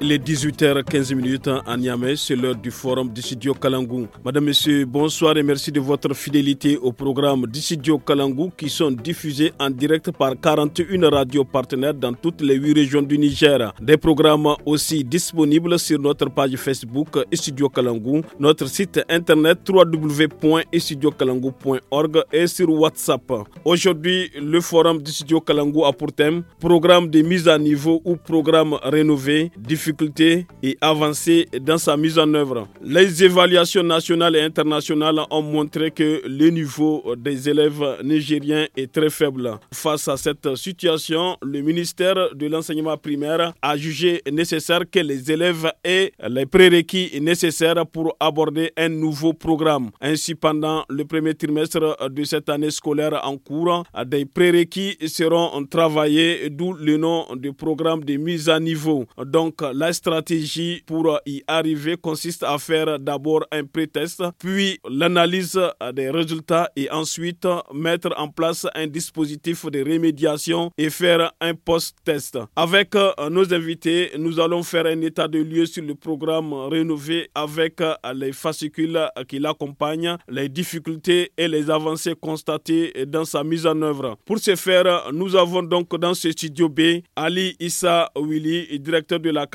les 18h15 à Niamey, c'est l'heure du forum d'Issidio Kalangou. Madame, Monsieur, bonsoir et merci de votre fidélité au programme d'Issidio Kalangou qui sont diffusés en direct par 41 radios partenaires dans toutes les 8 régions du Niger. Des programmes aussi disponibles sur notre page Facebook Studio Kalangou, notre site internet www.studiokalangou.org et sur WhatsApp. Aujourd'hui, le forum d'Issidio Kalangou a pour thème programme de mise à niveau ou programme rénové. Diffusé difficultés et avancer dans sa mise en œuvre. Les évaluations nationales et internationales ont montré que le niveau des élèves nigériens est très faible. Face à cette situation, le ministère de l'enseignement primaire a jugé nécessaire que les élèves aient les prérequis nécessaires pour aborder un nouveau programme. Ainsi, pendant le premier trimestre de cette année scolaire en cours, des prérequis seront travaillés, d'où le nom du programme de mise à niveau. Donc, la stratégie pour y arriver consiste à faire d'abord un pré-test, puis l'analyse des résultats et ensuite mettre en place un dispositif de remédiation et faire un post-test. Avec euh, nos invités, nous allons faire un état de lieu sur le programme rénové avec euh, les fascicules qui l'accompagnent, les difficultés et les avancées constatées dans sa mise en œuvre. Pour ce faire, nous avons donc dans ce studio B Ali Issa Willy, directeur de la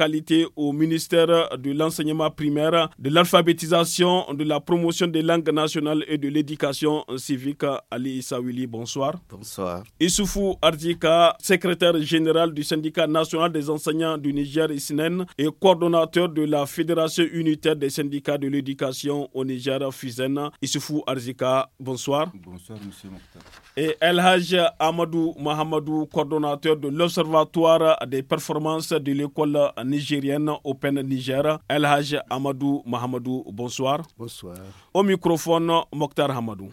au ministère de l'enseignement primaire, de l'alphabétisation, de la promotion des langues nationales et de l'éducation civique. Ali Issaouili, bonsoir. Bonsoir. Issoufou Arzika, secrétaire général du syndicat national des enseignants du Niger, ISNEN, et coordonnateur de la Fédération unitaire des syndicats de l'éducation au Niger, FUSEN. Issoufou Arzika, bonsoir. Bonsoir, monsieur Mokhtar. Et El Hajj Amadou Mahamadou, coordonnateur de l'Observatoire des performances de l'école Niger nigérienne Open Niger, El Haj Amadou Mahamadou. Bonsoir. Bonsoir. Au microphone, Mokhtar Hamadou.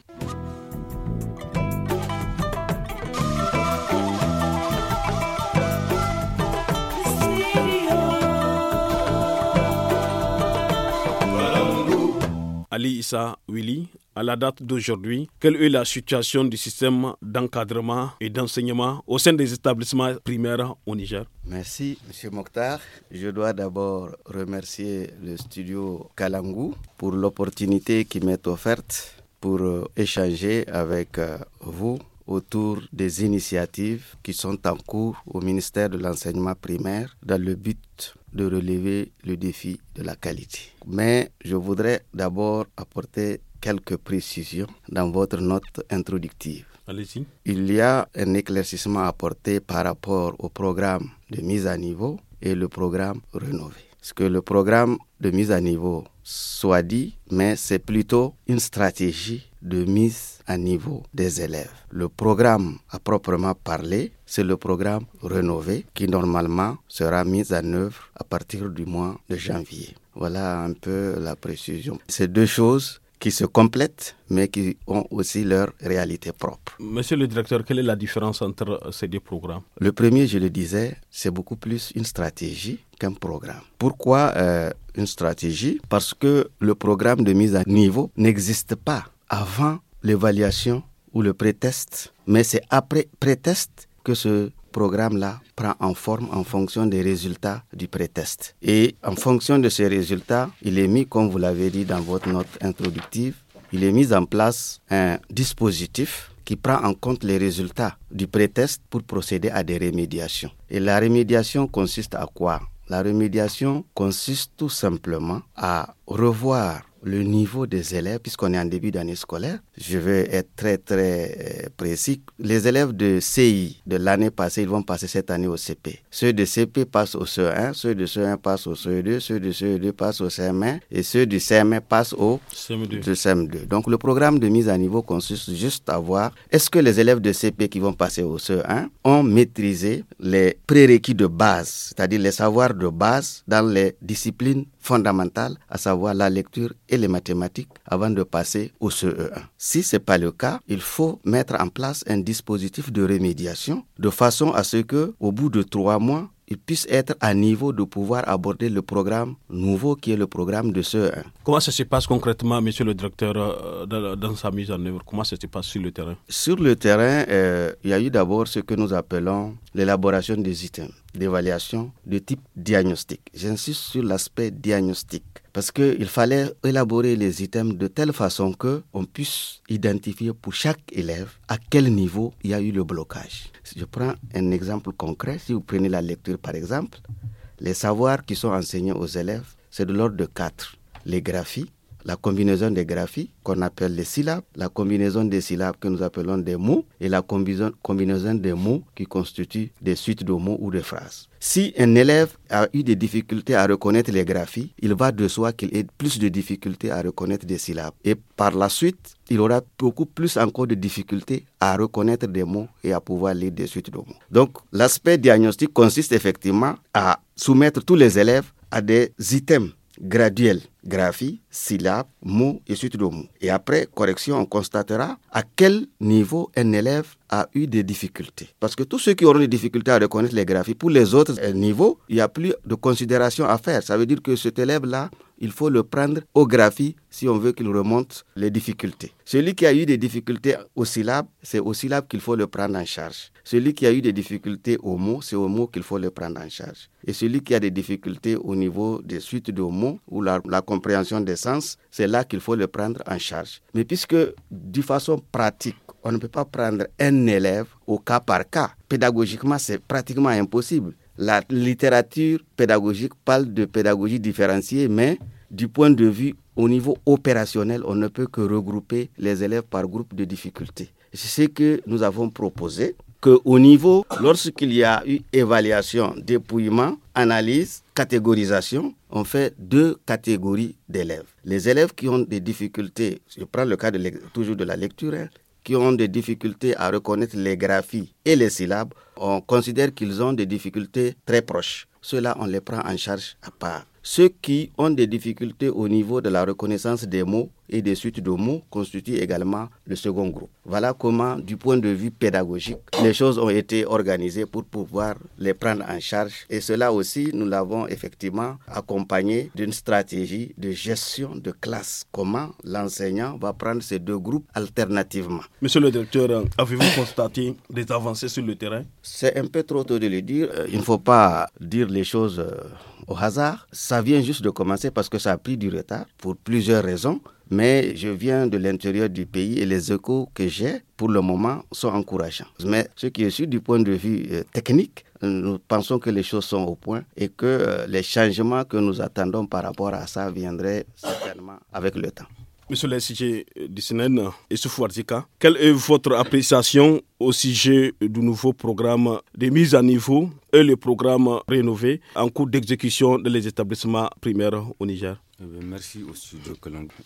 Ali Issa Willy, à la date d'aujourd'hui, quelle est la situation du système d'encadrement et d'enseignement au sein des établissements primaires au Niger Merci, M. Mokhtar. Je dois d'abord remercier le studio Kalangu pour l'opportunité qui m'est offerte pour euh, échanger avec euh, vous autour des initiatives qui sont en cours au ministère de l'enseignement primaire dans le but de relever le défi de la qualité. Mais je voudrais d'abord apporter quelques précisions dans votre note introductive. allez Il y a un éclaircissement apporté par rapport au programme de mise à niveau et le programme rénové. Ce que le programme de mise à niveau, soit dit, mais c'est plutôt une stratégie de mise à niveau des élèves. Le programme à proprement parler, c'est le programme rénové qui normalement sera mis en œuvre à partir du mois de janvier. Voilà un peu la précision. Ces deux choses qui se complètent, mais qui ont aussi leur réalité propre. Monsieur le directeur, quelle est la différence entre ces deux programmes Le premier, je le disais, c'est beaucoup plus une stratégie qu'un programme. Pourquoi euh, une stratégie Parce que le programme de mise à niveau n'existe pas avant l'évaluation ou le prétest, mais c'est après prétest que se programme-là prend en forme en fonction des résultats du pré-test. Et en fonction de ces résultats, il est mis, comme vous l'avez dit dans votre note introductive, il est mis en place un dispositif qui prend en compte les résultats du pré-test pour procéder à des rémédiations. Et la rémédiation consiste à quoi La rémédiation consiste tout simplement à revoir le niveau des élèves, puisqu'on est en début d'année scolaire, je vais être très très euh, précis. Les élèves de CI de l'année passée, ils vont passer cette année au CP. Ceux de CP passent au CE1, ceux de CE1 passent au CE2, ceux de CE2 passent au CM1 et ceux du CM1 passent au CM2. CM2. Donc le programme de mise à niveau consiste juste à voir est-ce que les élèves de CP qui vont passer au CE1 ont maîtrisé les prérequis de base, c'est-à-dire les savoirs de base dans les disciplines fondamentales, à savoir la lecture et les mathématiques, avant de passer au CE1. Si ce n'est pas le cas, il faut mettre en place un dispositif de remédiation de façon à ce que, au bout de trois mois, ils puissent être à niveau de pouvoir aborder le programme nouveau qui est le programme de CE1. Comment ça se passe concrètement, monsieur le directeur, euh, dans sa mise en œuvre Comment ça se passe sur le terrain Sur le terrain, euh, il y a eu d'abord ce que nous appelons l'élaboration des items d'évaluation de type diagnostic. J'insiste sur l'aspect diagnostic parce qu'il fallait élaborer les items de telle façon que on puisse identifier pour chaque élève à quel niveau il y a eu le blocage. je prends un exemple concret, si vous prenez la lecture par exemple, les savoirs qui sont enseignés aux élèves, c'est de l'ordre de 4. Les graphiques, la combinaison des graphies qu'on appelle les syllabes, la combinaison des syllabes que nous appelons des mots et la combinaison des mots qui constituent des suites de mots ou de phrases. Si un élève a eu des difficultés à reconnaître les graphies, il va de soi qu'il ait plus de difficultés à reconnaître des syllabes. Et par la suite, il aura beaucoup plus encore de difficultés à reconnaître des mots et à pouvoir lire des suites de mots. Donc, l'aspect diagnostique consiste effectivement à soumettre tous les élèves à des items graduelle, graphie, syllabe, mot et suite de mots. Et après correction, on constatera à quel niveau un élève a eu des difficultés. Parce que tous ceux qui auront des difficultés à reconnaître les graphies, pour les autres euh, niveaux, il n'y a plus de considération à faire. Ça veut dire que cet élève-là, il faut le prendre au graphie si on veut qu'il remonte les difficultés. Celui qui a eu des difficultés aux syllabes, c'est aux syllabes qu'il faut le prendre en charge. Celui qui a eu des difficultés au mot, c'est au mot qu'il faut le prendre en charge. Et celui qui a des difficultés au niveau des suites de mots ou la, compréhension des sens, c'est là qu'il faut le prendre en charge. Mais puisque, de façon pratique, on ne peut pas prendre un élève au cas par cas. Pédagogiquement, c'est pratiquement impossible. La littérature pédagogique parle de pédagogie différenciée, mais du point de vue au niveau opérationnel, on ne peut que regrouper les élèves par groupe de difficultés. C'est ce que nous avons proposé au niveau, lorsqu'il y a eu évaluation, dépouillement, analyse, catégorisation, on fait deux catégories d'élèves. Les élèves qui ont des difficultés, je prends le cas toujours de la lecture, qui ont des difficultés à reconnaître les graphies et les syllabes, on considère qu'ils ont des difficultés très proches. Cela, on les prend en charge à part. Ceux qui ont des difficultés au niveau de la reconnaissance des mots, et des suites de mots constituent également le second groupe. Voilà comment, du point de vue pédagogique, les choses ont été organisées pour pouvoir les prendre en charge. Et cela aussi, nous l'avons effectivement accompagné d'une stratégie de gestion de classe. Comment l'enseignant va prendre ces deux groupes alternativement. Monsieur le directeur, euh, avez-vous constaté des avancées sur le terrain C'est un peu trop tôt de le dire. Euh, il ne faut pas dire les choses euh, au hasard. Ça vient juste de commencer parce que ça a pris du retard pour plusieurs raisons mais je viens de l'intérieur du pays et les échos que j'ai pour le moment sont encourageants. Mais ce qui est sûr du point de vue euh, technique, nous pensons que les choses sont au point et que euh, les changements que nous attendons par rapport à ça viendraient certainement avec le temps. Monsieur le CG du et quelle est votre appréciation au sujet du nouveau programme de mise à niveau et le programme rénové en cours d'exécution dans les établissements primaires au Niger eh ben, merci au studio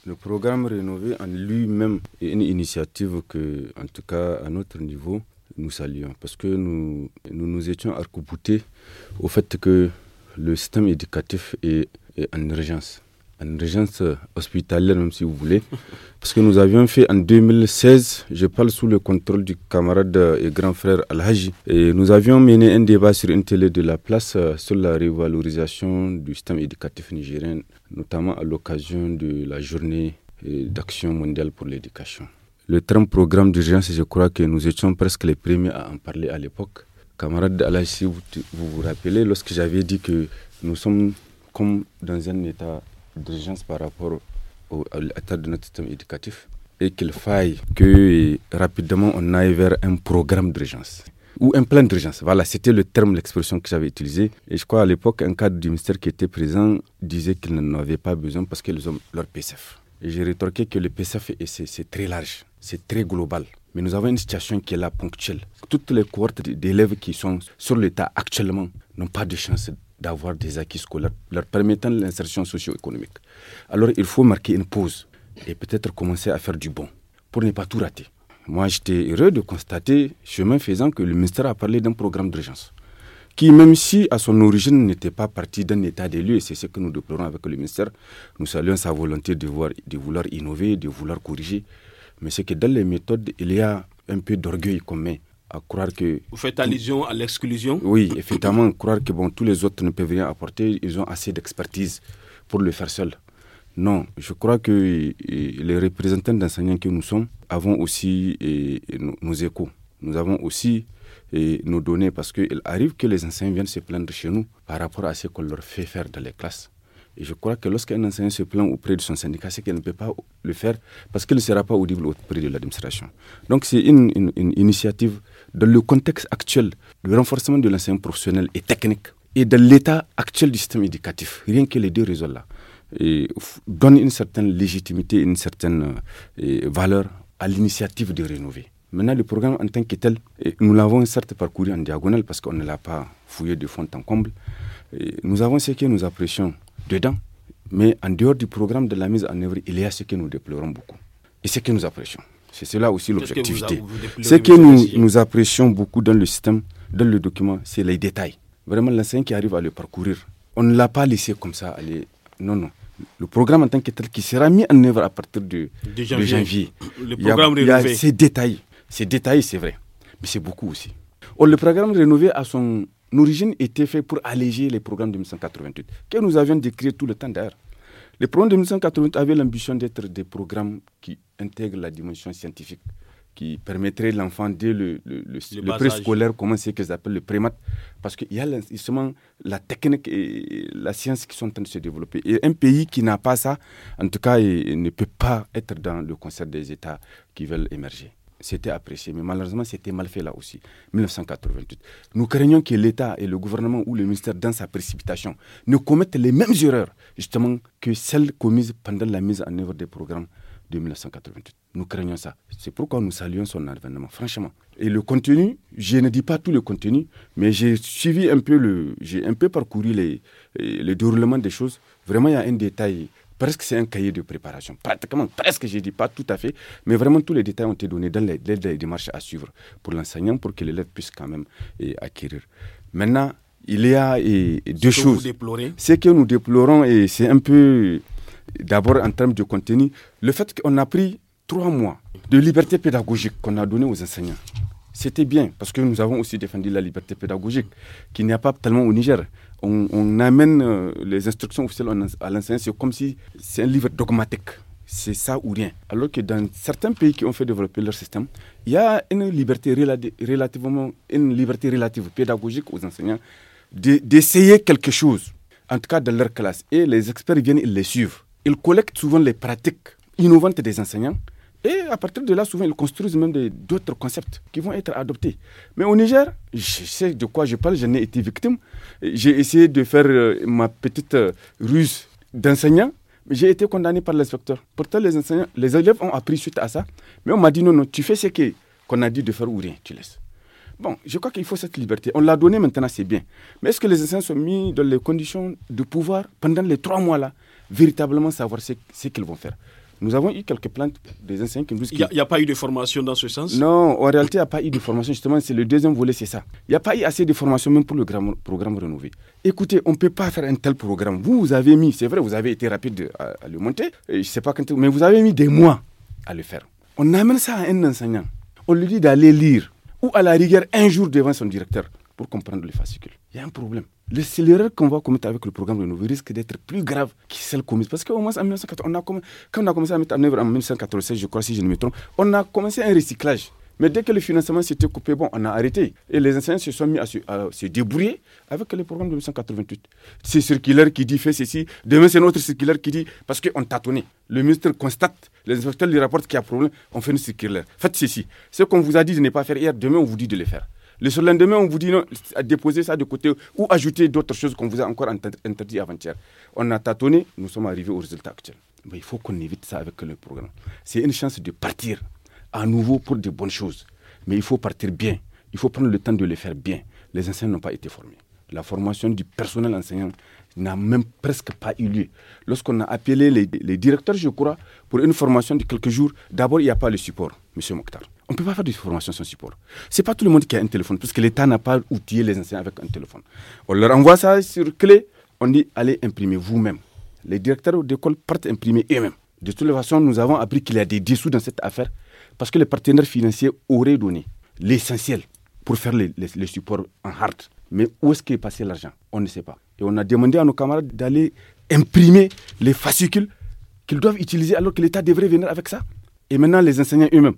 Le programme Rénové en lui-même est une initiative que, en tout cas à notre niveau, nous saluons parce que nous nous, étions arc au fait que le système éducatif est en urgence une urgence euh, hospitalière, même si vous voulez. Parce que nous avions fait en 2016, je parle sous le contrôle du camarade euh, et grand frère Al-Haji, et nous avions mené un débat sur une télé de la place euh, sur la revalorisation du système éducatif nigérien, notamment à l'occasion de la journée d'action mondiale pour l'éducation. Le terme programme d'urgence, je crois que nous étions presque les premiers à en parler à l'époque. Camarade Al-Haji, si vous vous rappelez, lorsque j'avais dit que nous sommes comme dans un état d'urgence par rapport au, à l'état de notre système éducatif et qu'il faille que euh, rapidement on aille vers un programme d'urgence ou un plan d'urgence. Voilà, c'était le terme, l'expression que j'avais utilisée. Et je crois à l'époque, un cadre du ministère qui était présent disait qu'il n'en avait pas besoin parce qu'ils ont leur PCF. Et j'ai rétorqué que le PCF, c'est très large, c'est très global. Mais nous avons une situation qui est là ponctuelle. Toutes les cohortes d'élèves qui sont sur l'état actuellement n'ont pas de chance d'avoir des acquis scolaires leur permettant l'insertion socio-économique. Alors il faut marquer une pause et peut-être commencer à faire du bon pour ne pas tout rater. Moi, j'étais heureux de constater, chemin faisant, que le ministère a parlé d'un programme d'urgence qui, même si à son origine n'était pas parti d'un état des lieux, et c'est ce que nous déplorons avec le ministère, nous saluons sa volonté de, de vouloir innover, de vouloir corriger, mais c'est que dans les méthodes, il y a un peu d'orgueil qu'on met à croire que... Vous faites allusion à l'exclusion Oui, effectivement, croire que bon, tous les autres ne peuvent rien apporter, ils ont assez d'expertise pour le faire seuls. Non, je crois que les représentants d'enseignants que nous sommes avons aussi nos, échos. Nous avons aussi nos données parce qu'il arrive que les enseignants viennent se plaindre chez nous par rapport à ce qu'on leur fait faire dans les classes. Et je crois que lorsqu'un enseignant se plaint auprès de son syndicat, c'est qu'il ne peut pas le faire parce qu'il ne sera pas audible auprès de l'administration. Donc c'est une, initiative dans le contexte actuel, du renforcement de l'enseignement professionnel et technique et de l'état actuel du système éducatif, rien que les deux réseaux-là, donnent une certaine légitimité, une certaine euh, valeur à l'initiative de rénover. Maintenant, le programme en tant que tel, nous l'avons certes parcouru en diagonale parce qu'on ne l'a pas fouillé de fond en comble. nous avons ce que nous apprécions dedans, mais en dehors du programme de la mise en œuvre, il y a ce que nous déplorons beaucoup et ce que nous apprécions. C'est cela aussi l'objectivité. Ce que nous, nous apprécions beaucoup dans le système, dans le document, c'est les détails. Vraiment, l'enseignant qui arrive à le parcourir, on ne l'a pas laissé comme ça aller. Non, non. Le programme en tant que tel qui sera mis en œuvre à partir de, janvier. Le programme rénové. Il y a ces détails. Ces détails, c'est vrai. Mais c'est beaucoup aussi. Oh, le programme rénové à son origine était fait pour alléger les programmes de 1988, que nous avions décrit tout le temps d'ailleurs. Les programmes de 1980 avaient l'ambition d'être des programmes qui intègrent la dimension scientifique, qui permettraient l'enfant dès le, le, le, préscolaire, comment c'est qu'ils appellent le prémat, parce qu'il y a justement la technique et la science qui sont en train de se développer. Et un pays qui n'a pas ça, en tout cas, il, ne peut pas être dans le concert des États qui veulent émerger c'était apprécié, mais malheureusement, c'était mal fait là aussi, 1988. Nous craignons que l'État et le gouvernement ou le ministère, dans sa précipitation, ne commettent les mêmes erreurs, justement, que celles commises pendant la mise en œuvre des programmes de 1988. Nous craignons ça. C'est pourquoi nous saluons son avènement, franchement. Et le contenu, je ne dis pas tout le contenu, mais j'ai suivi un peu le, j'ai un peu parcouru les, les déroulements des choses. Vraiment, il y a un détail Presque c'est un cahier de préparation. Pratiquement, presque, je ne dis pas tout à fait, mais vraiment tous les détails ont été donnés dans les, démarches à suivre pour l'enseignant pour que l'élève puisse quand même acquérir. Maintenant, il y a deux choses. Ce que nous déplorons, et c'est un peu d'abord en termes de contenu, le fait qu'on a pris trois mois de liberté pédagogique qu'on a donné aux enseignants. C'était bien, parce que nous avons aussi défendu la liberté pédagogique, qui n'y a pas tellement au Niger. On, amène euh, les instructions officielles à l'enseignant, c'est comme si c'est un livre dogmatique. C'est ça ou rien. Alors que dans certains pays qui ont fait développer leur système, il y a une liberté relativement, une liberté relative pédagogique aux enseignants d'essayer quelque chose, en tout cas dans leur classe. Et les experts viennent, ils les suivent. Ils collectent souvent les pratiques innovantes des enseignants et à partir de là, souvent, ils construisent même d'autres concepts qui vont être adoptés. Mais au Niger, je sais de quoi je parle, j'en ai été victime. J'ai essayé de faire euh, ma petite euh, ruse d'enseignant, mais j'ai été condamné par l'inspecteur. Pourtant, les, enseignants, les élèves ont appris suite à ça. Mais on m'a dit non, non, tu fais ce qu'on a dit de faire ou rien, tu laisses. Bon, je crois qu'il faut cette liberté. On l'a donnée maintenant, c'est bien. Mais est-ce que les enseignants sont mis dans les conditions de pouvoir, pendant les trois mois-là, véritablement savoir ce qu'ils vont faire nous avons eu quelques plantes des enseignants qui nous disent... Il n'y a, pas eu de formation dans ce sens Non, en réalité, il n'y a pas eu de formation. Justement, c'est le deuxième volet, c'est ça. Il n'y a pas eu assez de formation même pour le programme, programme renouvelé. Écoutez, on ne peut pas faire un tel programme. Vous, avez mis, c'est vrai, vous avez été rapide à, le monter, je sais pas quand, mais vous avez mis des mois à le faire. On amène ça à un enseignant. On lui dit d'aller lire ou à la rigueur un jour devant son directeur pour comprendre le fascicule. Il y a un problème les erreurs qu'on va commettre avec le programme de Nouveau risque d'être plus grave que celle commise. Parce qu'au moins, en on a quand on a commencé à mettre en œuvre en 1996, je crois, si je ne me trompe, on a commencé un recyclage. Mais dès que le financement s'était coupé, bon, on a arrêté. Et les enseignants se sont mis à se, débrouiller avec le programme de 1988. C'est circulaire qui dit fait ceci. Demain, c'est notre circulaire qui dit parce qu'on tâtonnait. Le ministre constate, les inspecteurs lui rapportent qu'il y a problème, on fait une circulaire. Faites ceci. Ce qu'on vous a dit de ne pas faire hier, demain, on vous dit de le faire. Le lendemain, on vous dit non, déposer ça de côté ou ajouter d'autres choses qu'on vous a encore interdit avant-hier. On a tâtonné, nous sommes arrivés au résultat actuel. Mais il faut qu'on évite ça avec le programme. C'est une chance de partir à nouveau pour de bonnes choses. Mais il faut partir bien. Il faut prendre le temps de le faire bien. Les enseignants n'ont pas été formés. La formation du personnel enseignant n'a même presque pas eu lieu. Lorsqu'on a appelé les, les, directeurs, je crois, pour une formation de quelques jours, d'abord, il n'y a pas le support, M. Mokhtar. On ne peut pas faire de formation sans support. Ce n'est pas tout le monde qui a un téléphone, parce que l'État n'a pas outillé les enseignants avec un téléphone. On leur envoie ça sur clé, on dit allez imprimer vous-même. Les directeurs d'école partent imprimer eux-mêmes. De toute façon, nous avons appris qu'il y a des dessous dans cette affaire, parce que les partenaires financiers auraient donné l'essentiel pour faire les, les supports en hard. Mais où est-ce qu'est passé l'argent On ne sait pas. Et on a demandé à nos camarades d'aller imprimer les fascicules qu'ils doivent utiliser alors que l'État devrait venir avec ça. Et maintenant, les enseignants eux-mêmes,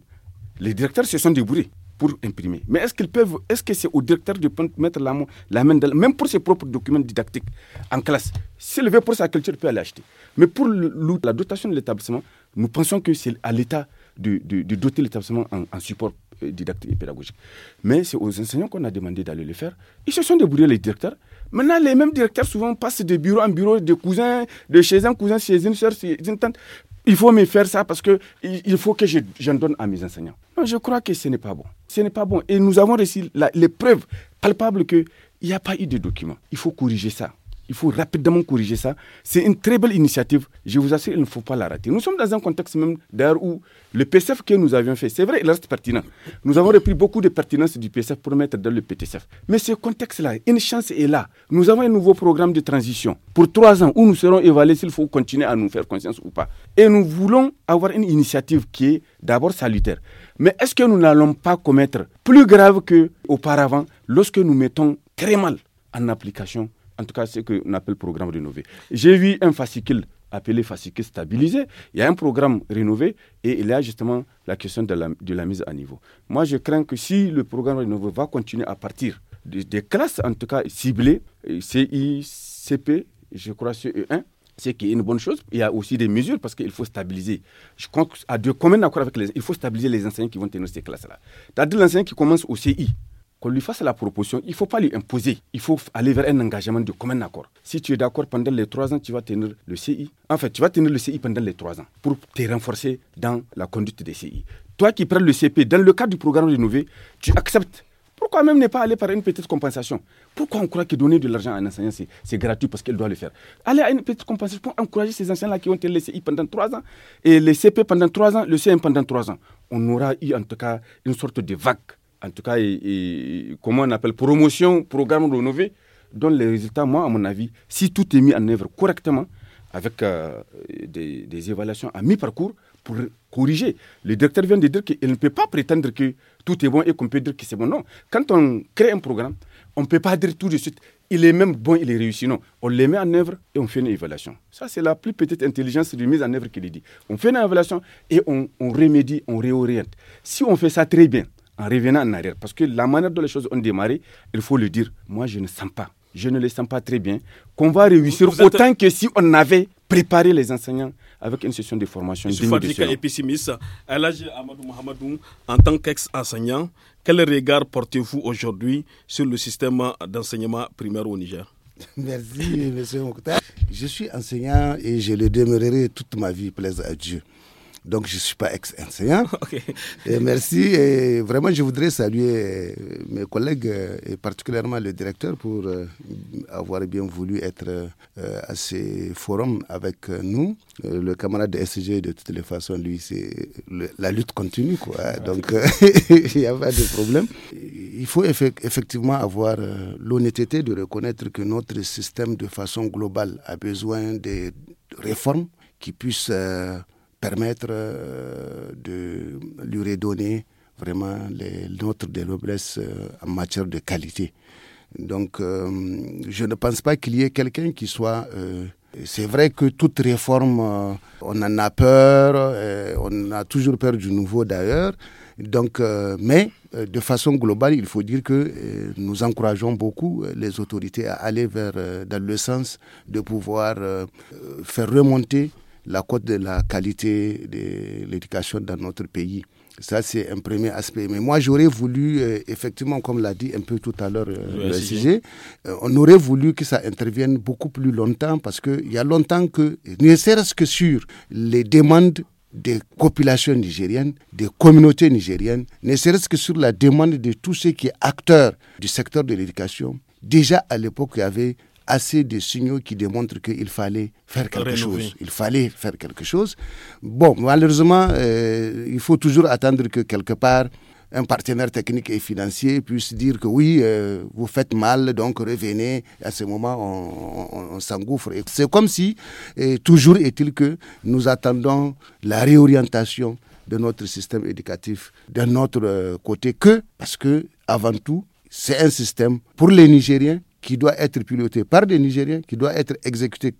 les directeurs se sont débrouillés pour imprimer. Mais est-ce qu'ils peuvent, est-ce que c'est au directeur de mettre la, la main même pour ses propres documents didactiques en classe, s'élever pour sa culture peut aller acheter. Mais pour la dotation de l'établissement, nous pensons que c'est à l'État de, doter l'établissement en, support euh, didactique et pédagogique. Mais c'est aux enseignants qu'on a demandé d'aller le faire. Ils se sont débrouillés, les directeurs. Maintenant, les mêmes directeurs souvent passent de bureau en bureau, de cousin, de chez un cousin, chez une soeur, chez une tante, il faut me faire ça parce que il faut que j'en je, donne à mes enseignants. je crois que ce n'est pas bon. Ce n'est pas bon. Et nous avons reçu les preuves palpables qu'il n'y a pas eu de documents. Il faut corriger ça. Il faut rapidement corriger ça. C'est une très belle initiative. Je vous assure, il ne faut pas la rater. Nous sommes dans un contexte même d'ailleurs où le PCF que nous avions fait, c'est vrai, il reste pertinent. Nous avons repris beaucoup de pertinence du PCF pour mettre dans le PTCF. Mais ce contexte-là, une chance est là. Nous avons un nouveau programme de transition pour trois ans où nous serons évalués s'il faut continuer à nous faire conscience ou pas. Et nous voulons avoir une initiative qui est d'abord salutaire. Mais est-ce que nous n'allons pas commettre plus grave qu'auparavant lorsque nous mettons très mal en application en tout cas ce qu'on appelle programme rénové. J'ai vu un fascicule appelé fascicule stabilisé. Il y a un programme rénové et il y a justement la question de la, de la mise à niveau. Moi, je crains que si le programme rénové va continuer à partir des, classes, en tout cas ciblées, euh, CI, CP, je crois CE1, c'est qui est une bonne chose. Il y a aussi des mesures parce qu'il faut stabiliser. Je compte à deux communs d'accord avec les. Il faut stabiliser les enseignants qui vont tenir ces classes-là. C'est-à-dire l'enseignant qui commence au CI, qu'on lui fasse la proposition, il ne faut pas lui imposer. Il faut aller vers un engagement de commun accord. Si tu es d'accord pendant les trois ans, tu vas tenir le CI. En fait, tu vas tenir le CI pendant les trois ans pour te renforcer dans la conduite des CI. Toi qui prends le CP, dans le cadre du programme rénové, tu acceptes. Pourquoi même ne pas aller par une petite compensation Pourquoi on croit que donner de l'argent à un enseignant, c'est gratuit parce qu'il doit le faire Aller à une petite compensation pour encourager ces enseignants-là qui ont été les CI pendant trois ans, et les CP pendant trois ans, le CM pendant trois ans. On aura eu en tout cas une sorte de vague en tout cas, et, comment on appelle, promotion, programme renouvelé, dont les résultats, moi, à mon avis, si tout est mis en œuvre correctement, avec euh, des, évaluations à mi-parcours pour corriger. Le directeur vient de dire qu'il ne peut pas prétendre que tout est bon et qu'on peut dire que c'est bon. Non. Quand on crée un programme, on ne peut pas dire tout de suite, il est même bon, il est réussi. Non. On le met en œuvre et on fait une évaluation. Ça, c'est la plus petite intelligence de mise en œuvre qu'il dit. On fait une évaluation et on, on remédie, on réoriente. Si on fait ça très bien, en revenant en arrière. Parce que la manière dont les choses ont démarré, il faut le dire, moi je ne sens pas, je ne le sens pas très bien, qu'on va réussir autant que si on avait préparé les enseignants avec une session de formation. Je suis fatigué et pessimiste. Amadou en tant qu'ex-enseignant, quel regard portez-vous aujourd'hui sur le système d'enseignement primaire au Niger Merci, monsieur Mokhtar. Je suis enseignant et je le demeurerai toute ma vie, plaise à Dieu. Donc, je ne suis pas ex enseignant merci. Et vraiment, je voudrais saluer euh, mes collègues euh, et particulièrement le directeur pour euh, avoir bien voulu être à ce forum avec nous. Le camarade de SG, de toutes les façons, lui, c'est la lutte continue. Quoi. Hein. Ah, Donc, il n'y a pas de problème. Il faut effectivement avoir l'honnêteté de reconnaître que notre système, de façon globale, a besoin de réformes qui puissent permettre euh, de lui redonner vraiment les, notre dénoblesse euh, en matière de qualité. Donc, euh, je ne pense pas qu'il y ait quelqu'un qui soit c'est vrai que toute réforme, on en a peur, on a toujours peur du nouveau d'ailleurs. Donc, mais de façon globale, il faut dire que nous encourageons beaucoup les autorités à aller vers dans le sens de pouvoir faire remonter la cote de la qualité de l'éducation dans notre pays. Ça, c'est un premier aspect. Mais moi, j'aurais voulu, euh, effectivement, comme l'a dit un peu tout à l'heure euh, le sujet, euh, on aurait voulu que ça intervienne beaucoup plus longtemps parce qu'il y a longtemps que, ne serait-ce que sur les demandes des populations nigériennes, des communautés nigériennes, ne serait-ce que sur la demande de tous ceux qui sont acteurs du secteur de l'éducation, déjà à l'époque, il y avait assez de signaux qui démontrent qu'il fallait faire quelque chose. Il fallait faire quelque chose. Bon, malheureusement, euh, il faut toujours attendre que quelque part un partenaire technique et financier puisse dire que oui, euh, vous faites mal, donc revenez. À ce moment, on, s'engouffre. C'est comme si, toujours est-il que nous attendons la réorientation de notre système éducatif d'un autre euh, côté que, parce que, avant tout, c'est un système pour les Nigériens qui doit être piloté par des Nigériens, qui doit être exécuté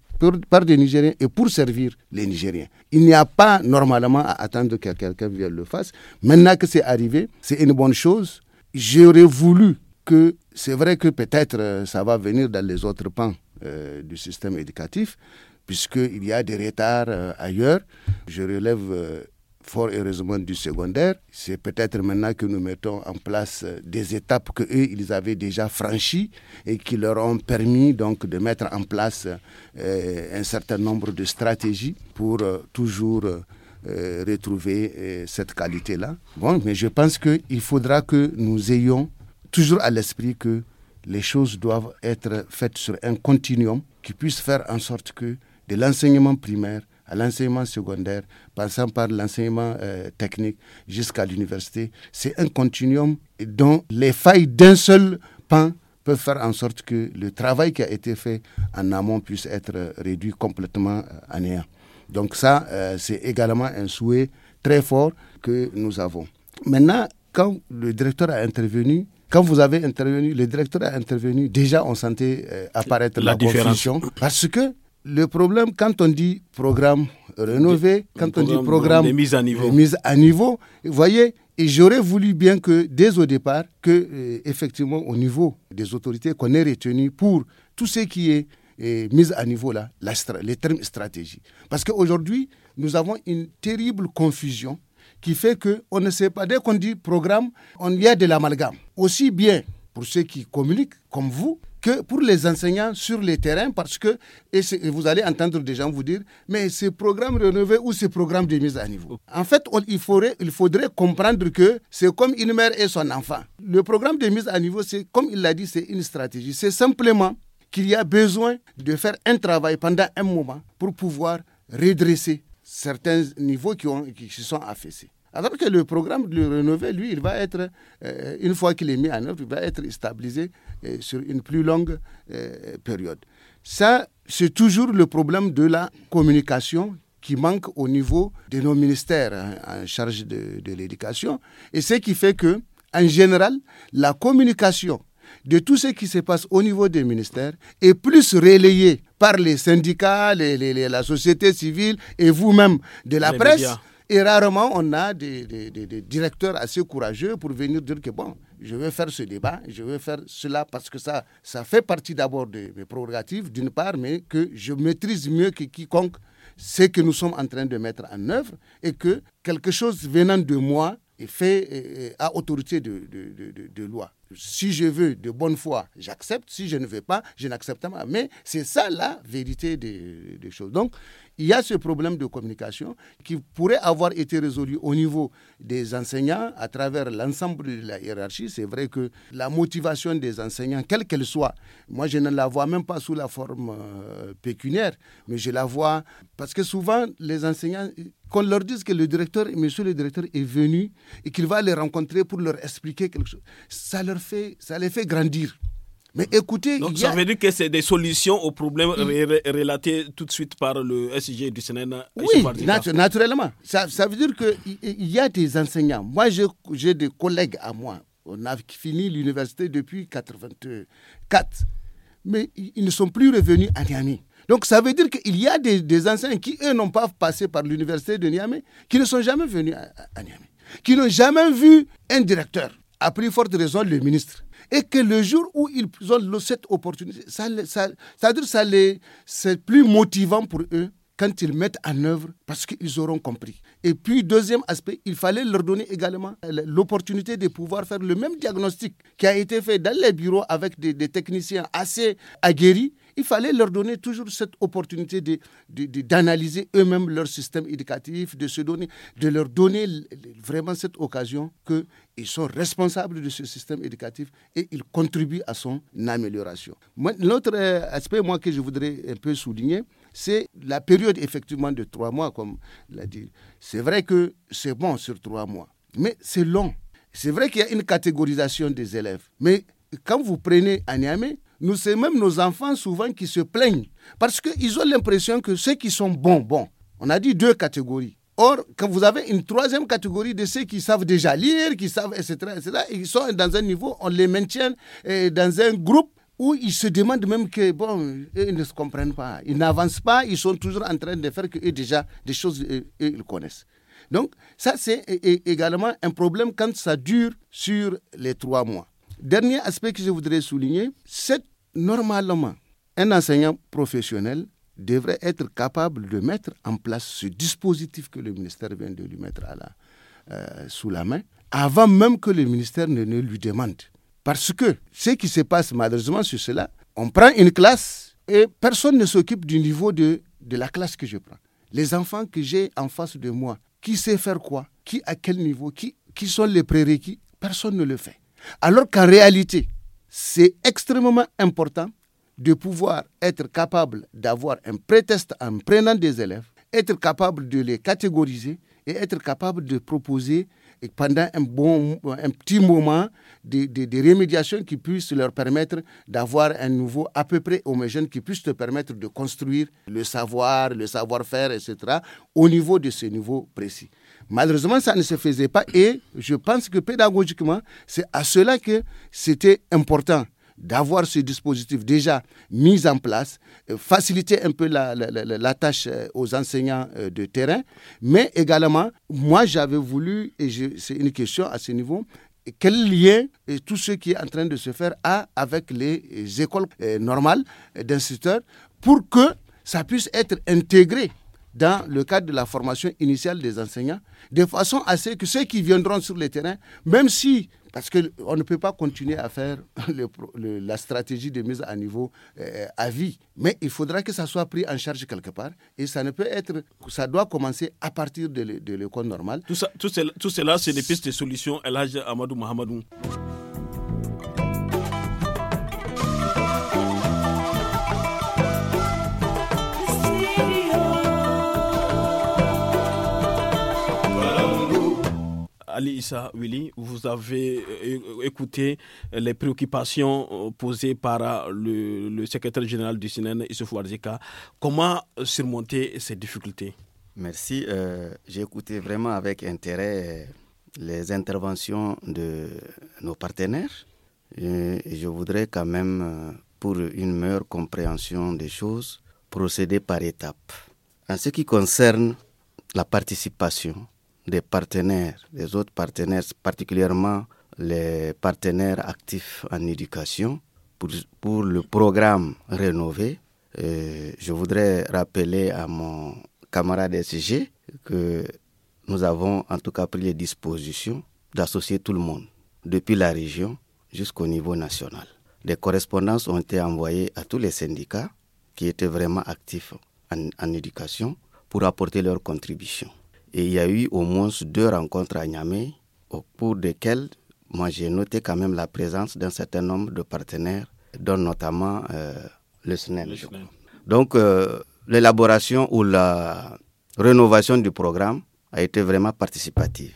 par des Nigériens et pour servir les Nigériens. Il n'y a pas normalement à attendre que quelqu'un vienne le fasse. Maintenant que c'est arrivé, c'est une bonne chose. J'aurais voulu que, c'est vrai que peut-être euh, ça va venir dans les autres pans euh, du système éducatif, puisqu'il y a des retards euh, ailleurs. Je relève fort heureusement du secondaire. C'est peut-être maintenant que nous mettons en place euh, des étapes que eux, ils avaient déjà franchies et qui leur ont permis donc de mettre en place euh, un certain nombre de stratégies pour euh, toujours retrouver cette qualité-là. Bon, mais je pense qu'il faudra que nous ayons toujours à l'esprit que les choses doivent être faites sur un continuum qui puisse faire en sorte que de l'enseignement primaire à l'enseignement secondaire, passant par l'enseignement euh, technique jusqu'à l'université. C'est un continuum dont les failles d'un seul pan peuvent faire en sorte que le travail qui a été fait en amont puisse être euh, réduit complètement à euh, néant. Donc ça, c'est également un souhait très fort que nous avons. Maintenant, quand le directeur a intervenu, quand vous avez intervenu, le directeur a intervenu, déjà on sentait apparaître la, la parce que le problème, quand on dit programme rénové, quand on dit programme mise à niveau, mise à niveau vous voyez, et j'aurais voulu bien que, dès au départ, que, euh, effectivement, au niveau des autorités, qu'on ait retenu pour tout ce qui est euh, mise à niveau là, les termes stratégie. Parce qu'aujourd'hui, nous avons une terrible confusion qui fait qu'on ne sait pas, dès qu'on dit programme, on y a de l'amalgame. Aussi bien pour ceux qui communiquent, comme vous, que pour les enseignants sur le terrain parce que et vous allez entendre des gens vous dire, mais ce programme renouvelé ou ce programme de mise à niveau. En fait, il, faudrait, il faudrait comprendre que c'est comme une mère et son enfant. Le programme de mise à niveau, c'est comme il l'a dit, c'est une stratégie. C'est simplement qu'il y a besoin de faire un travail pendant un moment pour pouvoir redresser certains niveaux qui, qui se sont affaissés. Alors que le programme de renouveler, lui, il va être, euh, une fois qu'il est mis en œuvre, il va être stabilisé euh, sur une plus longue euh, période. Ça, c'est toujours le problème de la communication qui manque au niveau de nos ministères hein, en, charge de, l'éducation. Et ce qui fait que, en général, la communication de tout ce qui se passe au niveau des ministères est plus relayée par les syndicats, la société civile et vous-même de la presse. Et rarement, on a des, directeurs assez courageux pour venir dire que, bon, je veux faire ce débat, je veux faire cela parce que ça, ça fait partie d'abord de mes prérogatives, d'une part, mais que je maîtrise mieux que quiconque ce que nous sommes en train de mettre en œuvre et que quelque chose venant de moi fait à autorité de, loi. Si je veux de bonne foi, j'accepte. Si je ne veux pas, je n'accepte pas. Mais c'est ça la vérité des, choses. Donc, il y a ce problème de communication qui pourrait avoir été résolu au niveau des enseignants à travers l'ensemble de la hiérarchie. C'est vrai que la motivation des enseignants, quelle qu'elle soit, moi je ne la vois même pas sous la forme euh, pécuniaire, mais je la vois parce que souvent les enseignants qu'on leur dise que le directeur, monsieur le directeur est venu et qu'il va les rencontrer pour leur expliquer quelque chose. Ça, leur fait, ça les fait grandir. Mais écoutez, Donc, ça veut dire que c'est des solutions aux problèmes relatés tout de suite par le SIG du Sénat. Oui, naturellement. Ça, veut dire qu'il y a des enseignants. Moi, j'ai des collègues à moi. On a fini l'université depuis 1984, Mais ils ne sont plus revenus à Niamey. Donc ça veut dire qu'il y a des, des qui, eux, n'ont pas passé par l'université de Niamey, qui ne sont jamais venus à, Niamey, qui n'ont jamais vu un directeur, a plus forte raison le ministre. Et que le jour où ils ont cette opportunité, ça, ça, ça, que c'est plus motivant pour eux quand ils mettent en œuvre parce qu'ils auront compris. Et puis, deuxième aspect, il fallait leur donner également l'opportunité de pouvoir faire le même diagnostic qui a été fait dans les bureaux avec des techniciens assez aguerris il fallait leur donner toujours cette opportunité d'analyser de, eux-mêmes leur système éducatif, de se donner, de leur donner vraiment cette occasion qu'ils sont responsables de ce système éducatif et ils contribuent à son amélioration. L'autre euh, aspect, moi, que je voudrais un peu souligner, c'est la période effectivement de trois mois, comme l'a dit. C'est vrai que c'est bon sur trois mois, mais c'est long. C'est vrai qu'il y a une catégorisation des élèves, mais quand vous prenez à Niamey, nous c'est même nos enfants souvent qui se plaignent parce qu'ils ont l'impression que ceux qui sont bons, bon, on a dit deux catégories. Or, quand vous avez une troisième catégorie de ceux qui savent déjà lire, qui savent, etc., etc., ils sont dans un niveau, on les maintient euh, dans un groupe où ils se demandent même que, bon, ils ne se comprennent pas, ils n'avancent pas, ils sont toujours en train de faire que déjà des choses, qu'ils ils connaissent. Donc, ça, c'est également un problème quand ça dure sur les trois mois. Dernier aspect que je voudrais souligner, c'est normalement un enseignant professionnel devrait être capable de mettre en place ce dispositif que le ministère vient de lui mettre euh, sous la main, avant même que le ministère ne, lui demande. Parce que ce qui se passe malheureusement sur cela, on prend une classe et personne ne s'occupe du niveau de, de la classe que je prends. Les enfants que j'ai en face de moi, qui sait faire quoi, qui à quel niveau, qui, qui sont les prérequis, personne ne le fait. Alors qu'en réalité, c'est extrêmement important de pouvoir être capable d'avoir un prétexte en prenant des élèves, être capable de les catégoriser et être capable de proposer pendant un, bon, un petit moment des, des rémédiations qui puissent leur permettre d'avoir un nouveau à peu près homogène qui puisse te permettre de construire le savoir, le savoir-faire, etc., au niveau de ce niveau précis. Malheureusement, ça ne se faisait pas et je pense que pédagogiquement, c'est à cela que c'était important d'avoir ce dispositif déjà mis en place, euh, faciliter un peu la, tâche euh, aux enseignants euh, de terrain, mais également, moi j'avais voulu, et c'est une question à ce niveau, quel lien tout ce qui est en train de se faire a avec les écoles normales d'instituteurs pour que ça puisse être intégré dans le cadre de la formation initiale des enseignants, de façon à ce que ceux qui viendront sur le terrain, même si, parce qu'on ne peut pas continuer à faire la stratégie de mise à niveau euh, à vie, mais il faudra que ça soit pris en charge quelque part, et ça ne peut être, ça doit commencer à partir de, l'école normale. Tout, ça, tout, cela, c'est des pistes de solutions, Elhaj Amadou Mohamadou. Ali Issa Willy, vous avez euh, écouté les préoccupations euh, posées par euh, le, secrétaire général du SINEN, Issa Comment surmonter ces difficultés Merci. J'ai écouté vraiment avec intérêt les interventions de nos partenaires. je voudrais quand même, pour une meilleure compréhension des choses, procéder par étapes. En ce qui concerne la participation, des partenaires, des autres partenaires, particulièrement les partenaires actifs en éducation pour, pour le programme rénové. je voudrais rappeler à mon camarade SG que nous avons en tout cas pris les dispositions d'associer tout le monde, depuis la région jusqu'au niveau national. Des correspondances ont été envoyées à tous les syndicats qui étaient vraiment actifs en, en éducation pour apporter leur contribution. Et il y a eu au moins deux rencontres à Niamey, au cours desquelles moi j'ai noté quand même la présence d'un certain nombre de partenaires, dont notamment euh, le SNEM. E Donc euh, l'élaboration ou la rénovation du programme a été vraiment participative.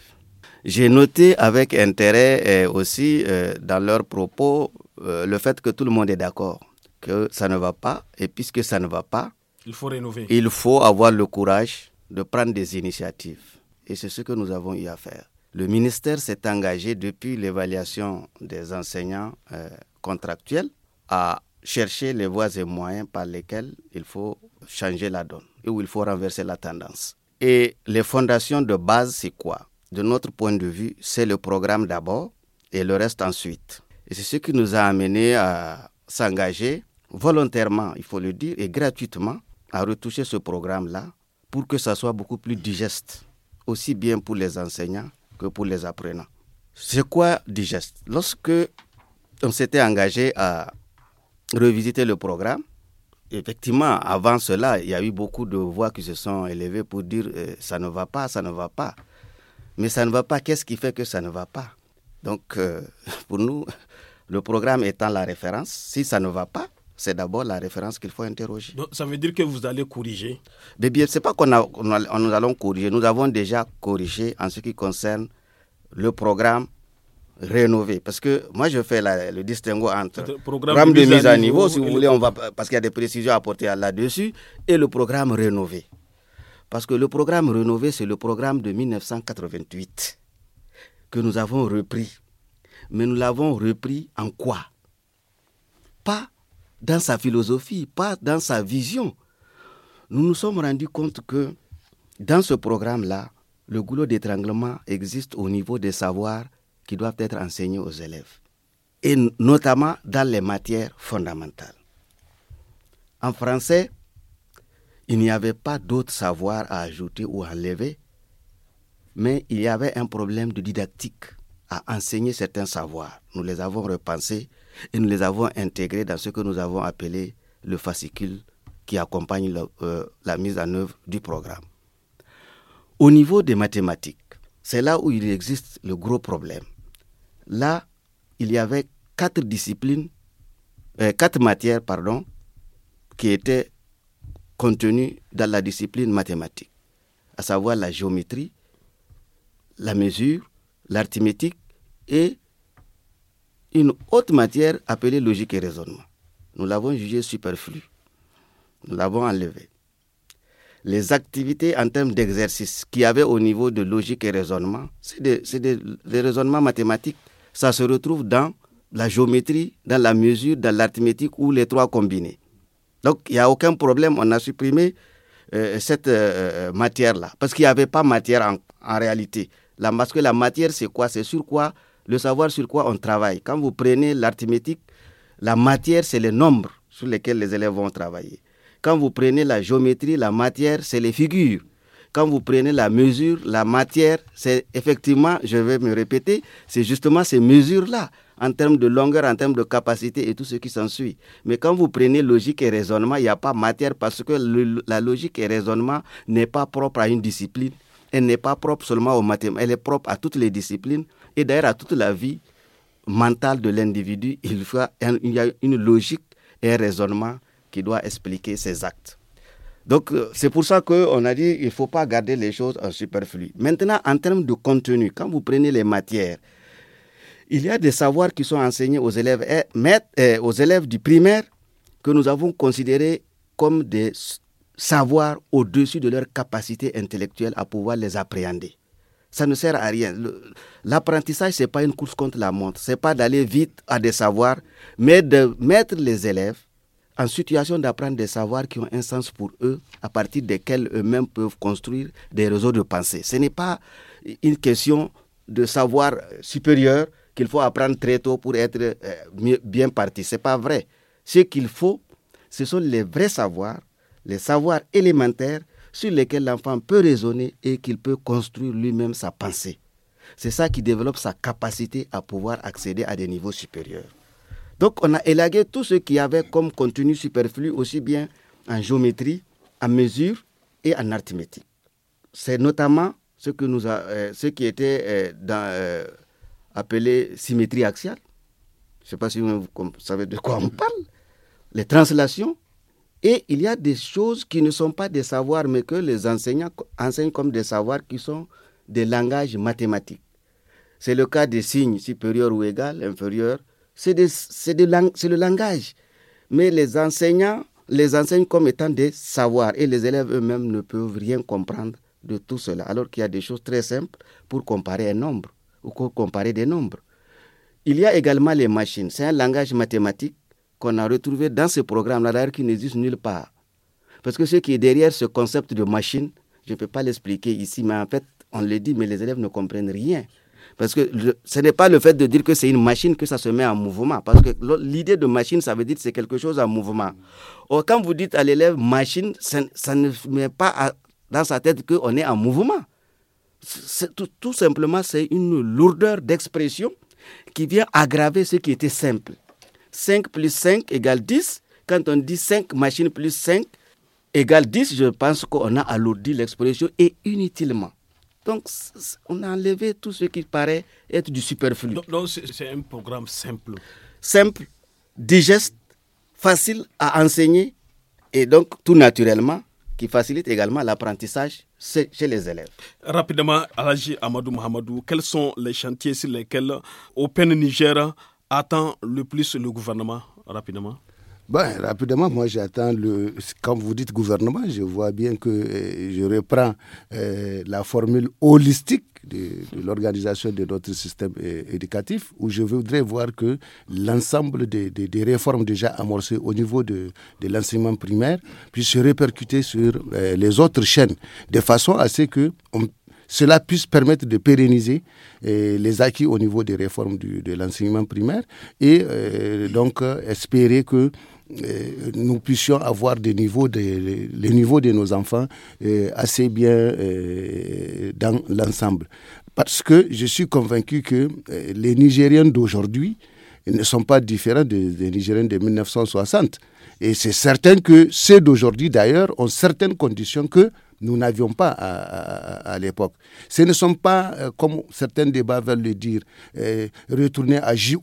J'ai noté avec intérêt euh, aussi dans leurs propos le fait que tout le monde est d'accord que ça ne va pas et puisque ça ne va pas, il faut rénover. Il faut avoir le courage de prendre des initiatives. Et c'est ce que nous avons eu à faire. Le ministère s'est engagé depuis l'évaluation des enseignants euh, contractuels à chercher les voies et moyens par lesquels il faut changer la donne et où il faut renverser la tendance. Et les fondations de base, c'est quoi De notre point de vue, c'est le programme d'abord et le reste ensuite. Et c'est ce qui nous a amené à s'engager volontairement, il faut le dire, et gratuitement à retoucher ce programme-là pour que ça soit beaucoup plus digeste, aussi bien pour les enseignants que pour les apprenants. C'est quoi digeste Lorsque on s'était engagé à revisiter le programme, effectivement, avant cela, il y a eu beaucoup de voix qui se sont élevées pour dire euh, ça ne va pas, ça ne va pas. Mais ça ne va pas, qu'est-ce qui fait que ça ne va pas Donc, euh, pour nous, le programme étant la référence, si ça ne va pas, c'est d'abord la référence qu'il faut interroger. ça veut dire que vous allez corriger bien, ce n'est pas qu'on nous allons corriger. Nous avons déjà corrigé en ce qui concerne le programme rénové. Parce que moi, je fais le distinguo entre le programme, de, mise à niveau, niveau si vous voulez, on va, parce qu'il y a des précisions à apporter là-dessus, et le programme rénové. Parce que le programme rénové, c'est le programme de 1988 que nous avons repris. Mais nous l'avons repris en quoi Pas dans sa philosophie, pas dans sa vision. Nous nous sommes rendus compte que dans ce programme-là, le goulot d'étranglement existe au niveau des savoirs qui doivent être enseignés aux élèves, et notamment dans les matières fondamentales. En français, il n'y avait pas d'autres savoirs à ajouter ou à enlever, mais il y avait un problème de didactique à enseigner certains savoirs. Nous les avons repensés et nous les avons intégrés dans ce que nous avons appelé le fascicule qui accompagne euh, la, mise en œuvre du programme. Au niveau des mathématiques, c'est là où il existe le gros problème. Là, il y avait quatre disciplines, euh, quatre matières, pardon, qui étaient contenues dans la discipline mathématique, à savoir la géométrie, la mesure, l'arithmétique et une autre matière appelée logique et raisonnement. Nous l'avons jugée superflue. Nous l'avons enlevée. Les activités en termes d'exercice qu'il y avait au niveau de logique et raisonnement, c'est des, des, des raisonnements mathématiques. Ça se retrouve dans la géométrie, dans la mesure, dans l'arithmétique ou les trois combinés. Donc il n'y a aucun problème, on a supprimé euh, cette euh, euh, matière-là, parce qu'il n'y avait pas matière en, réalité. La, parce que la matière, c'est quoi C'est sur quoi le savoir sur quoi on travaille. Quand vous prenez l'arithmétique, la matière, c'est les nombres sur lesquels les élèves vont travailler. Quand vous prenez la géométrie, la matière, c'est les figures. Quand vous prenez la mesure, la matière, c'est effectivement, je vais me répéter, c'est justement ces mesures-là, en termes de longueur, en termes de capacité et tout ce qui s'ensuit. Mais quand vous prenez logique et raisonnement, il n'y a pas matière parce que la logique et raisonnement n'est pas propre à une discipline elle n'est pas propre seulement aux mathématiques, elle est propre à toutes les disciplines et d'ailleurs à toute la vie mentale de l'individu. Il, y a une logique et un raisonnement qui doit expliquer ses actes. Donc euh, c'est pour ça qu'on a dit il ne faut pas garder les choses en superflu. Maintenant, en termes de contenu, quand vous prenez les matières, il y a des savoirs qui sont enseignés aux élèves, eh, eh, aux élèves du primaire que nous avons considérés comme des savoir au-dessus de leur capacité intellectuelle à pouvoir les appréhender. Ça ne sert à rien. L'apprentissage, ce n'est pas une course contre la montre, ce n'est pas d'aller vite à des savoirs, mais de mettre les élèves en situation d'apprendre des savoirs qui ont un sens pour eux, à partir desquels eux-mêmes peuvent construire des réseaux de pensée. Ce n'est pas une question de savoir supérieur qu'il faut apprendre très tôt pour être euh, bien parti. Ce n'est pas vrai. Ce qu'il faut, ce sont les vrais savoirs les savoirs élémentaires sur lesquels l'enfant peut raisonner et qu'il peut construire lui-même sa pensée. C'est ça qui développe sa capacité à pouvoir accéder à des niveaux supérieurs. Donc on a élagué tout ce qui avait comme contenu superflu, aussi bien en géométrie, en mesure et en arithmétique. C'est notamment ce, que nous a, euh, ce qui était euh, dans, euh, appelé symétrie axiale. Je ne sais pas si vous savez de quoi on parle. Les translations, et il y a des choses qui ne sont pas des savoirs, mais que les enseignants enseignent comme des savoirs qui sont des langages mathématiques. C'est le cas des signes supérieurs ou égal, inférieurs. C'est le langage. Mais les enseignants les enseignent comme étant des savoirs et les élèves eux-mêmes ne peuvent rien comprendre de tout cela, alors qu'il y a des choses très simples pour comparer un nombre ou pour comparer des nombres. Il y a également les machines. C'est un langage mathématique qu'on a retrouvé dans ce programme-là, d'ailleurs, qui n'existe nulle part. Parce que ce qui est derrière ce concept de machine, je ne peux pas l'expliquer ici, mais en fait, on le dit, mais les élèves ne comprennent rien. Parce que ce n'est pas le fait de dire que c'est une machine que ça se met en mouvement. Parce que l'idée de machine, ça veut dire que c'est quelque chose en mouvement. Or, quand vous dites à l'élève machine, ça, ne met pas dans sa tête qu'on est en mouvement. tout, tout simplement, c'est une lourdeur d'expression qui vient aggraver ce qui était simple. 5 plus 5 égale 10. Quand on dit 5 machines plus 5 égale 10, je pense qu'on a alourdi l'expression et inutilement. Donc, on a enlevé tout ce qui paraît être du superflu. Donc, c'est un programme simple. Simple, digeste, facile à enseigner et donc tout naturellement qui facilite également l'apprentissage chez les élèves. Rapidement, Alaji Amadou Mohamadou, quels sont les chantiers sur lesquels Open Niger attend le plus le gouvernement rapidement ben, rapidement, moi j'attends le. Quand vous dites gouvernement, je vois bien que eh, je reprends eh, la formule holistique de, l'organisation de notre système eh, éducatif, où je voudrais voir que l'ensemble des, réformes déjà amorcées au niveau de, l'enseignement primaire puissent se répercuter sur les autres chaînes, de façon à ce que cela puisse permettre de pérenniser euh, les acquis au niveau des réformes de l'enseignement primaire et euh, donc euh, espérer que nous puissions avoir des niveaux de, les, niveaux de nos enfants assez bien dans l'ensemble. Parce que je suis convaincu que les Nigériens d'aujourd'hui ne sont pas différents des, des Nigériens de 1960. Et c'est certain que ceux d'aujourd'hui, d'ailleurs, ont certaines conditions que nous n'avions pas à, l'époque. Ce ne sont pas, euh, comme certains débats veulent le dire, euh, retourner à J.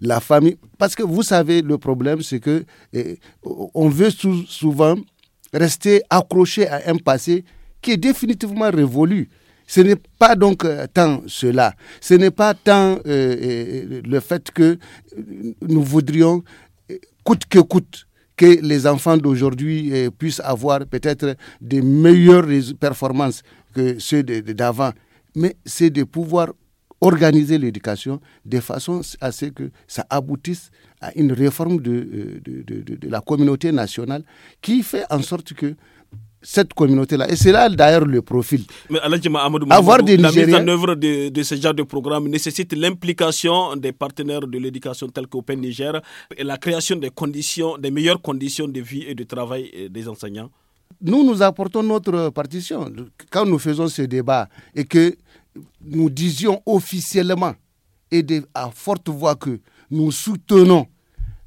la famille. Parce que vous savez, le problème, c'est que euh, on veut souvent rester accroché à un passé qui est définitivement révolu. Ce n'est pas donc tant cela. Ce n'est pas tant le fait que nous voudrions coûte que coûte que les enfants d'aujourd'hui eh, puissent avoir peut-être des meilleures performances que ceux d'avant. Mais c'est de pouvoir organiser l'éducation de façon à ce que ça aboutisse à une réforme euh, de, de, de la communauté nationale qui fait en sorte que cette communauté-là. Et c'est là d'ailleurs le profil. Mais Avoir des la mise en œuvre de, ce genre de programme nécessite l'implication des partenaires de l'éducation tels qu'Open Niger et la création des conditions, des meilleures conditions de vie et de travail euh, des enseignants. Nous, nous apportons notre partition. Quand nous faisons ce débat et que nous disions officiellement et de, à forte voix que nous soutenons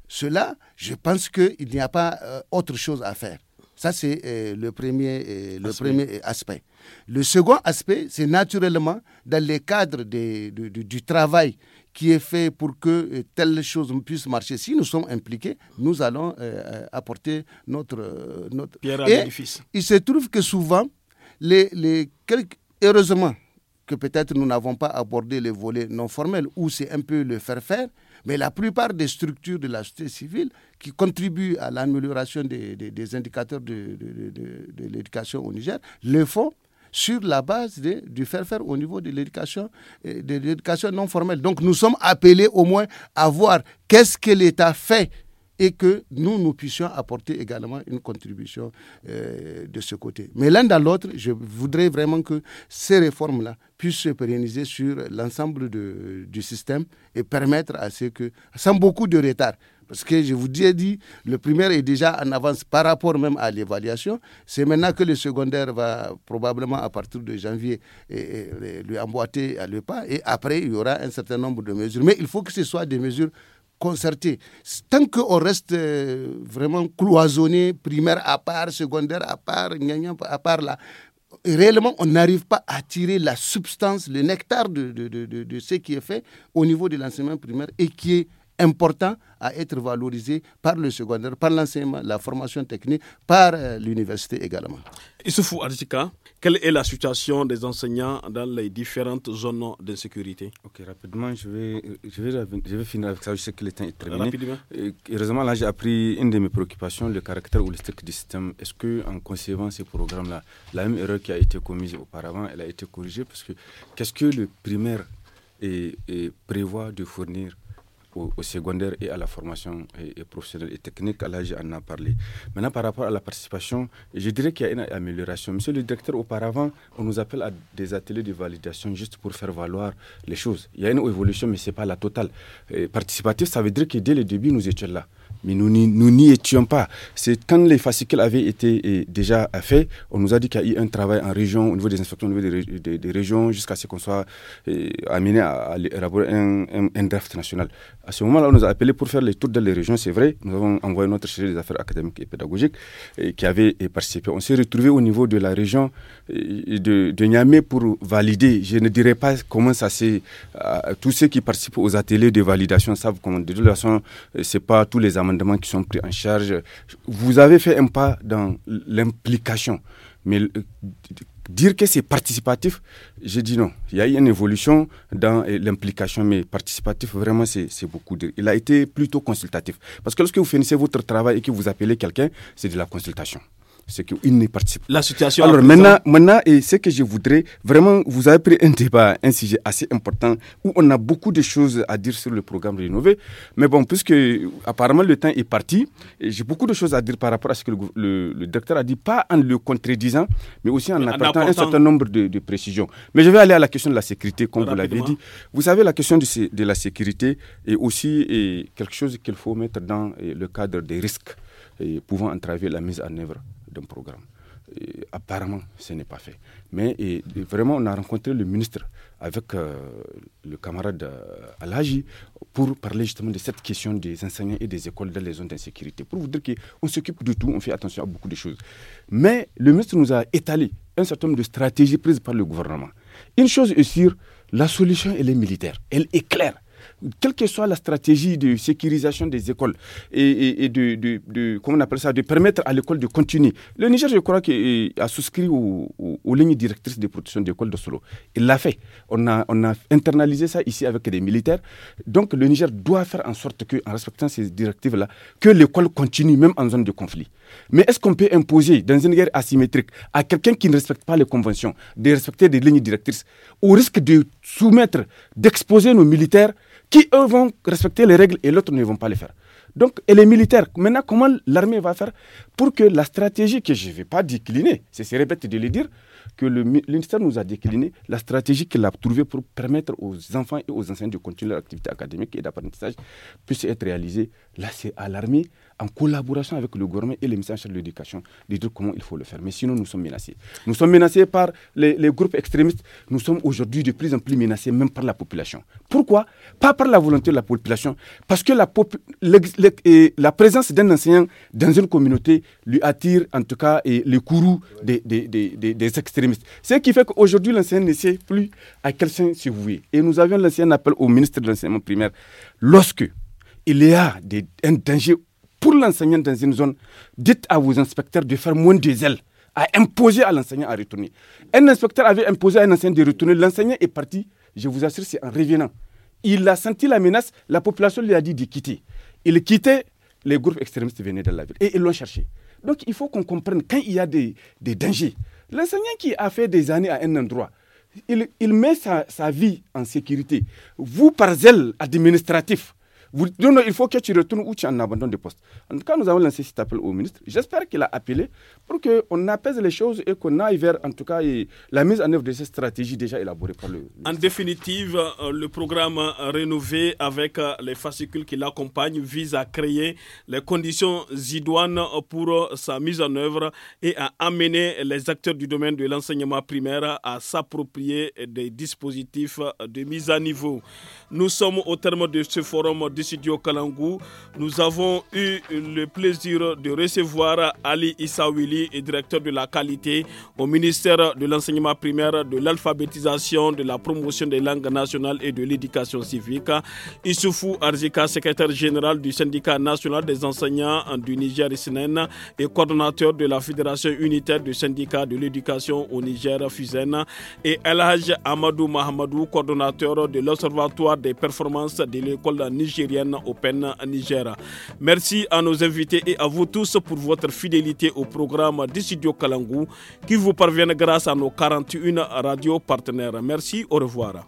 cela, je pense qu'il n'y a pas euh, autre chose à faire. Ça, c'est euh, le premier, euh, le aspect. premier euh, aspect. Le second aspect, c'est naturellement dans les cadres du, travail qui est fait pour que telle chose puisse marcher. Si nous sommes impliqués, nous allons apporter notre... notre... Pierre à Il se trouve que souvent, les, les quelques... heureusement que peut-être nous n'avons pas abordé les volets non formels, où c'est un peu le faire-faire, mais la plupart des structures de la société civile qui contribuent à l'amélioration des, indicateurs de, l'éducation au Niger le font sur la base du faire-faire au niveau de l'éducation, euh, de l'éducation non formelle. Donc nous sommes appelés au moins à voir qu'est-ce que l'État fait et que nous, nous puissions apporter également une contribution euh, de ce côté. Mais l'un dans l'autre, je voudrais vraiment que ces réformes-là puissent se pérenniser sur l'ensemble du système et permettre à ce que, sans beaucoup de retard, parce que je vous ai dit, le primaire est déjà en avance par rapport même à l'évaluation. C'est maintenant que le secondaire va probablement à partir de janvier lui emboîter à le pas. Et après, il y aura un certain nombre de mesures. Mais il faut que ce soit des mesures concertée. Tant qu'on reste euh, vraiment cloisonné, primaire à part, secondaire à part, à part là, réellement, on n'arrive pas à tirer la substance, le nectar de, de, de, ce qui est fait au niveau de l'enseignement primaire et qui est important à être valorisé par le secondaire, par l'enseignement, la formation technique, par euh, l'université également. Issoufou quelle est la situation des enseignants dans les différentes zones d'insécurité Ok, rapidement, je vais, je, finir avec ça. Je sais que le temps est terminé. Rapidement. Euh, heureusement, là, j'ai appris une de mes préoccupations, le caractère holistique du système. Est-ce qu'en concevant ces programmes-là, la même erreur qui a été commise auparavant, elle a été corrigée Parce que qu'est-ce que le primaire prévoit de fournir au, secondaire et à la formation et, professionnelle et technique. là en a parlé. Maintenant, par rapport à la participation, je dirais qu'il y a une amélioration. Monsieur le directeur, auparavant, on nous appelle à des ateliers de validation juste pour faire valoir les choses. Il y a une évolution, mais ce n'est pas la totale. participatif, ça veut dire que dès le début, nous étions là. Mais nous n'y étions pas. C'est quand les fascicules avaient été eh, déjà faits, on nous a dit qu'il y a eu un travail en région, au niveau des inspections, au niveau des, régions, jusqu'à ce qu'on soit eh, amené à, élaborer un, draft national. À ce moment-là, on nous a appelés pour faire les tours dans les régions, c'est vrai. Nous avons envoyé notre chef des affaires académiques et pédagogiques eh, qui avait participé. On s'est retrouvé au niveau de la région de, Niamey pour valider. Je ne dirais pas comment ça s'est. Ah, tous ceux qui participent aux ateliers de validation savent comment. De toute façon, ce n'est pas tous les qui sont pris en charge. Vous avez fait un pas dans l'implication, mais euh, dire que c'est participatif, j'ai dit non. Il y a eu une évolution dans euh, l'implication, mais participatif, vraiment, c'est beaucoup de. Il a été plutôt consultatif. Parce que lorsque vous finissez votre travail et que vous appelez quelqu'un, c'est de la consultation c'est qu'il n'y participe pas. La situation. Alors maintenant, maintenant, et ce que je voudrais, vraiment, vous avez pris un débat, un sujet assez important où on a beaucoup de choses à dire sur le programme rénové. Mais bon, puisque apparemment le temps est parti, j'ai beaucoup de choses à dire par rapport à ce que le, docteur a dit, pas en le contredisant, mais aussi en, apportant, un certain nombre de, précisions. Mais je vais aller à la question de la sécurité, comme vous l'avez dit. Vous savez, la question de, la sécurité est aussi quelque chose qu'il faut mettre dans le cadre des risques et pouvant entraver la mise en œuvre d'un programme. apparemment, ce n'est pas fait. Mais vraiment, on a rencontré le ministre avec euh, le camarade al euh, Alagi pour parler justement de cette question des enseignants et des écoles dans les zones d'insécurité. Pour vous dire qu'on s'occupe de tout, on fait attention à beaucoup de choses. Mais le ministre nous a étalé un certain nombre de stratégies prises par le gouvernement. Une chose est sûre, la solution, elle est militaire, elle est claire quelle que soit la stratégie de sécurisation des écoles et, de, comment on appelle ça, de permettre à l'école de continuer. Le Niger, je crois, a souscrit aux lignes directrices de protection des de Solo. Il l'a fait. On a, on a internalisé ça ici avec des militaires. Donc le Niger doit faire en sorte que, en respectant ces directives-là, que l'école continue même en zone de conflit. Mais est-ce qu'on peut imposer dans une guerre asymétrique à quelqu'un qui ne respecte pas les conventions de respecter des lignes directrices au risque de soumettre, d'exposer nos militaires qui eux vont respecter les règles et l'autre ne vont pas les faire. Donc, et les militaires, maintenant, comment l'armée va faire pour que la stratégie que je ne vais pas décliner, c'est serait bête de le dire, que le ministère nous a décliné la stratégie qu'il a trouvée pour permettre aux enfants et aux enseignants de continuer leur activité académique et d'apprentissage puisse être réalisée Là, c'est à l'armée, en collaboration avec le gouvernement et les ministères de l'éducation, de dire comment il faut le faire. Mais sinon, nous sommes menacés. Nous sommes menacés par les, groupes extrémistes. Nous sommes aujourd'hui de plus en plus menacés, même par la population. Pourquoi Pas par la volonté de la population. Parce que la, présence d'un enseignant dans une communauté lui attire, en tout cas, les le courroux des, extrémistes. Ce qui fait qu'aujourd'hui, l'enseignant ne sait plus à quel sein se vouer. Et nous avions lancé un appel au ministre de l'enseignement primaire. Lorsque il y a un danger pour l'enseignant dans une zone. Dites à vos inspecteurs de faire moins de zèle, à imposer à l'enseignant à retourner. Un inspecteur avait imposé à un enseignant de retourner. L'enseignant est parti, je vous assure, c'est en revenant. Il a senti la menace, la population lui a dit de quitter. Il quittait, les groupes extrémistes venaient de la ville et ils l'ont cherché. Donc il faut qu'on comprenne quand il y a des, dangers. L'enseignant qui a fait des années à un endroit, il, met sa, sa, vie en sécurité. Vous, par zèle administratif, non, il faut que tu retournes ou tu en abandonnes des postes. En tout cas, nous avons lancé cet appel au ministre. J'espère qu'il a appelé pour qu'on apaise les choses et qu'on aille vers, en tout cas, la mise en œuvre de cette stratégie déjà élaborée par le. En définitive, euh, le programme euh, rénové avec euh, les fascicules qui l'accompagnent vise à créer les conditions idoines pour sa mise en œuvre et à amener les acteurs du domaine de l'enseignement primaire à s'approprier des dispositifs de mise à niveau. Nous sommes au terme de ce forum studio Kalangou. Nous avons eu le plaisir de recevoir Ali Issaouili, directeur de la qualité au ministère de l'enseignement primaire, de l'alphabétisation, de la promotion des langues nationales et de l'éducation civique. Issoufou Arzika, secrétaire général du syndicat national des enseignants du Niger et coordonnateur de la Fédération unitaire du syndicat de l'éducation au Niger Fusen et Elhaj Amadou Mahamadou, coordonnateur de l'Observatoire des performances de l'école Nigeria Merci à nos invités et à vous tous pour votre fidélité au programme du studio Kalangou qui vous parvient grâce à nos 41 radios partenaires. Merci, au revoir.